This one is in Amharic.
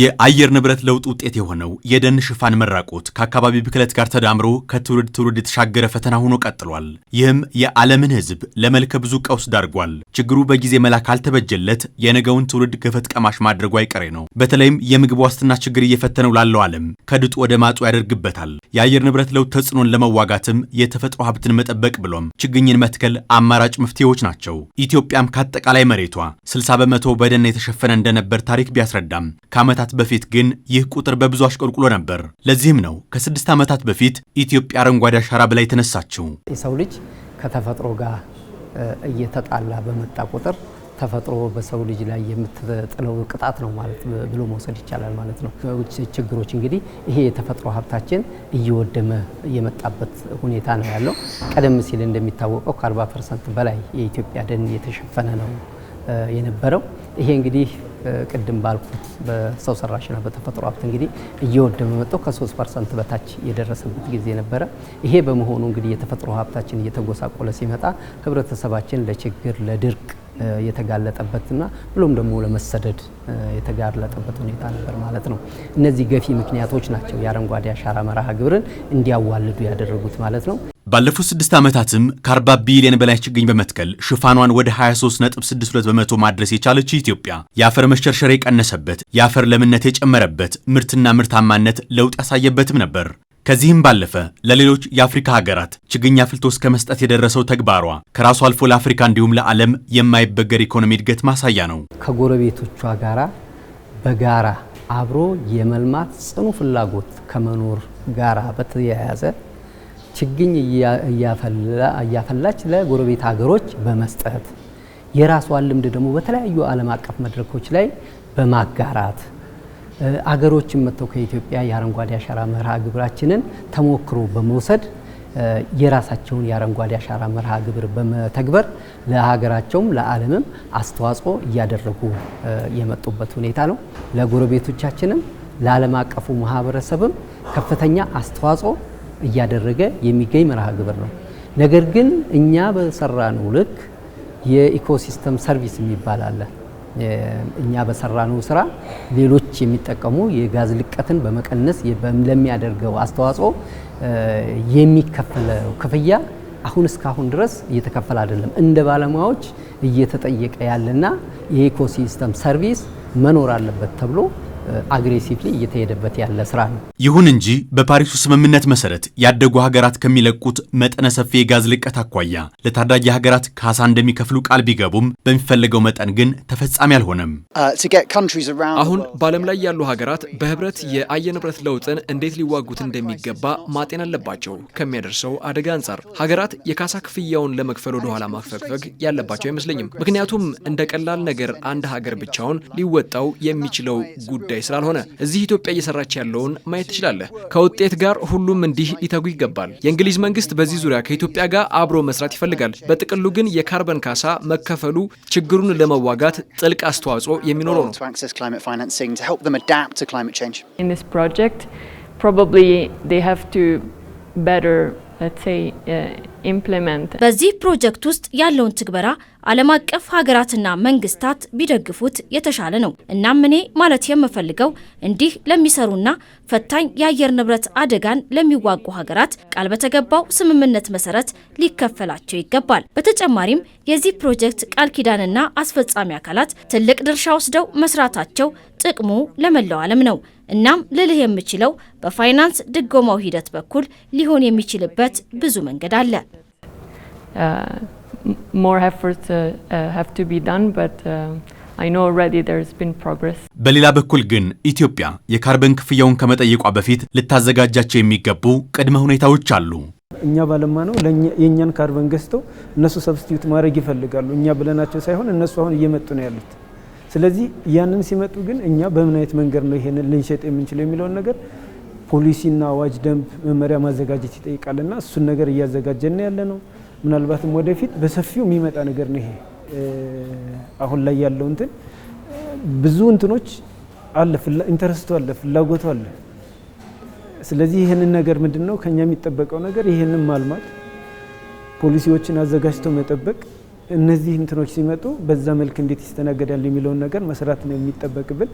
የአየር ንብረት ለውጥ ውጤት የሆነው የደን ሽፋን መራቆት ከአካባቢ ብክለት ጋር ተዳምሮ ከትውልድ ትውልድ የተሻገረ ፈተና ሆኖ ቀጥሏል። ይህም የዓለምን ሕዝብ ለመልከ ብዙ ቀውስ ዳርጓል። ችግሩ በጊዜ መላ ካልተበጀለት የነገውን ትውልድ ገፈት ቀማሽ ማድረጉ አይቀሬ ነው። በተለይም የምግብ ዋስትና ችግር እየፈተነው ላለው ዓለም ከድጡ ወደ ማጡ ያደርግበታል። የአየር ንብረት ለውጥ ተጽዕኖን ለመዋጋትም የተፈጥሮ ሀብትን መጠበቅ ብሎም ችግኝን መትከል አማራጭ መፍትሄዎች ናቸው። ኢትዮጵያም ከአጠቃላይ መሬቷ 60 በመቶ በደን የተሸፈነ እንደነበር ታሪክ ቢያስረዳም ከአመ ዓመታት በፊት ግን ይህ ቁጥር በብዙ አሽቆልቁሎ ነበር። ለዚህም ነው ከስድስት ዓመታት በፊት ኢትዮጵያ አረንጓዴ አሻራ ብላ የተነሳችው። የሰው ልጅ ከተፈጥሮ ጋር እየተጣላ በመጣ ቁጥር ተፈጥሮ በሰው ልጅ ላይ የምትጥለው ቅጣት ነው ማለት ብሎ መውሰድ ይቻላል ማለት ነው። ችግሮች እንግዲህ ይሄ የተፈጥሮ ሀብታችን እየወደመ የመጣበት ሁኔታ ነው ያለው። ቀደም ሲል እንደሚታወቀው ከ40 ፐርሰንት በላይ የኢትዮጵያ ደን የተሸፈነ ነው የነበረው። ይሄ እንግዲህ ቅድም ባልኩት በሰው ሰራሽና በተፈጥሮ ሀብት እንግዲህ እየወደመ መጥቶ ከ3 ፐርሰንት በታች የደረሰበት ጊዜ ነበረ። ይሄ በመሆኑ እንግዲህ የተፈጥሮ ሀብታችን እየተጎሳቆለ ሲመጣ ህብረተሰባችን ለችግር ለድርቅ የተጋለጠበትና ብሎም ደግሞ ለመሰደድ የተጋለጠበት ሁኔታ ነበር ማለት ነው። እነዚህ ገፊ ምክንያቶች ናቸው የአረንጓዴ አሻራ መርሃ ግብርን እንዲያዋልዱ ያደረጉት ማለት ነው። ባለፉት ስድስት ዓመታትም ከ40 ቢሊዮን በላይ ችግኝ በመትከል ሽፋኗን ወደ 23.62 በመቶ ማድረስ የቻለች ኢትዮጵያ የአፈር መሸርሸር የቀነሰበት፣ የአፈር ለምነት የጨመረበት፣ ምርትና ምርታማነት ለውጥ ያሳየበትም ነበር። ከዚህም ባለፈ ለሌሎች የአፍሪካ ሀገራት ችግኝ አፍልቶ እስከ መስጠት የደረሰው ተግባሯ ከራሱ አልፎ ለአፍሪካ እንዲሁም ለዓለም የማይበገር ኢኮኖሚ እድገት ማሳያ ነው። ከጎረቤቶቿ ጋራ በጋራ አብሮ የመልማት ጽኑ ፍላጎት ከመኖር ጋራ በተያያዘ ችግኝ እያፈላች ለጎረቤት ሀገሮች በመስጠት የራሷን ልምድ ደግሞ በተለያዩ ዓለም አቀፍ መድረኮች ላይ በማጋራት አገሮችን መጥተው ከኢትዮጵያ የአረንጓዴ አሻራ መርሃ ግብራችንን ተሞክሮ በመውሰድ የራሳቸውን የአረንጓዴ አሻራ መርሃ ግብር በመተግበር ለሀገራቸውም ለዓለምም አስተዋጽኦ እያደረጉ የመጡበት ሁኔታ ነው። ለጎረቤቶቻችንም ለዓለም አቀፉ ማህበረሰብም ከፍተኛ አስተዋጽኦ እያደረገ የሚገኝ መርሃ ግብር ነው። ነገር ግን እኛ በሰራነው ልክ የኢኮሲስተም ሰርቪስ የሚባል አለ። እኛ በሰራነው ስራ ሌሎች የሚጠቀሙ የጋዝ ልቀትን በመቀነስ ለሚያደርገው አስተዋጽኦ የሚከፈለው ክፍያ አሁን እስካሁን ድረስ እየተከፈለ አይደለም። እንደ ባለሙያዎች እየተጠየቀ ያለና የኢኮሲስተም ሰርቪስ መኖር አለበት ተብሎ አግሬሲቭሊ እየተሄደበት ያለ ስራ ነው። ይሁን እንጂ በፓሪሱ ስምምነት መሰረት ያደጉ ሀገራት ከሚለቁት መጠነ ሰፊ የጋዝ ልቀት አኳያ ለታዳጊ ሀገራት ካሳ እንደሚከፍሉ ቃል ቢገቡም በሚፈለገው መጠን ግን ተፈጻሚ አልሆነም። uh, አሁን በዓለም ላይ ያሉ ሀገራት በህብረት የአየር ንብረት ለውጥን እንዴት ሊዋጉት እንደሚገባ ማጤን አለባቸው። ከሚያደርሰው አደጋ አንጻር ሀገራት የካሳ ክፍያውን ለመክፈል ወደኋላ ማፈግፈግ ያለባቸው አይመስለኝም። ምክንያቱም እንደ ቀላል ነገር አንድ ሀገር ብቻውን ሊወጣው የሚችለው ጉዳይ ጉዳይ ስላልሆነ እዚህ ኢትዮጵያ እየሰራች ያለውን ማየት ትችላለህ። ከውጤት ጋር ሁሉም እንዲህ ሊተጉ ይገባል። የእንግሊዝ መንግስት በዚህ ዙሪያ ከኢትዮጵያ ጋር አብሮ መስራት ይፈልጋል። በጥቅሉ ግን የካርበን ካሳ መከፈሉ ችግሩን ለመዋጋት ጥልቅ አስተዋጽኦ የሚኖረው ነው። Uh, በዚህ ፕሮጀክት ውስጥ ያለውን ትግበራ ዓለም አቀፍ ሀገራትና መንግስታት ቢደግፉት የተሻለ ነው። እናም እኔ ማለት የምፈልገው እንዲህ ለሚሰሩና ፈታኝ የአየር ንብረት አደጋን ለሚዋጉ ሀገራት ቃል በተገባው ስምምነት መሰረት ሊከፈላቸው ይገባል። በተጨማሪም የዚህ ፕሮጀክት ቃል ኪዳንና አስፈጻሚ አካላት ትልቅ ድርሻ ወስደው መስራታቸው ጥቅሙ ለመላው ዓለም ነው። እናም ልልህ የምችለው በፋይናንስ ድጎማው ሂደት በኩል ሊሆን የሚችልበት ብዙ መንገድ አለ። uh, uh, uh, በሌላ በኩል ግን ኢትዮጵያ የካርበን ክፍያውን ከመጠየቋ በፊት ልታዘጋጃቸው የሚገቡ ቅድመ ሁኔታዎች አሉ። እኛ ባለማ ነው የእኛን ካርበን ገዝተው እነሱ ሰብስቲዩት ማድረግ ይፈልጋሉ። እኛ ብለናቸው ሳይሆን እነሱ አሁን እየመጡ ነው ያሉት። ስለዚህ ያንን ሲመጡ ግን እኛ በምን አይነት መንገድ ነው ይሄንን ልንሸጥ የምንችለው የሚለውን ነገር ፖሊሲና አዋጅ፣ ደንብ፣ መመሪያ ማዘጋጀት ይጠይቃልና እሱን ነገር እያዘጋጀን ያለ ነው። ምናልባትም ወደፊት በሰፊው የሚመጣ ነገር ነው ይሄ አሁን ላይ ያለው እንትን ብዙ እንትኖች አለ፣ ኢንተረስቱ አለ፣ ፍላጎቱ አለ። ስለዚህ ይህንን ነገር ምንድን ነው ከኛ የሚጠበቀው ነገር ይህንን ማልማት፣ ፖሊሲዎችን አዘጋጅቶ መጠበቅ እነዚህ እንትኖች ሲመጡ በዛ መልክ እንዴት ይስተናገዳል የሚለውን ነገር መስራት ነው የሚጠበቅብን።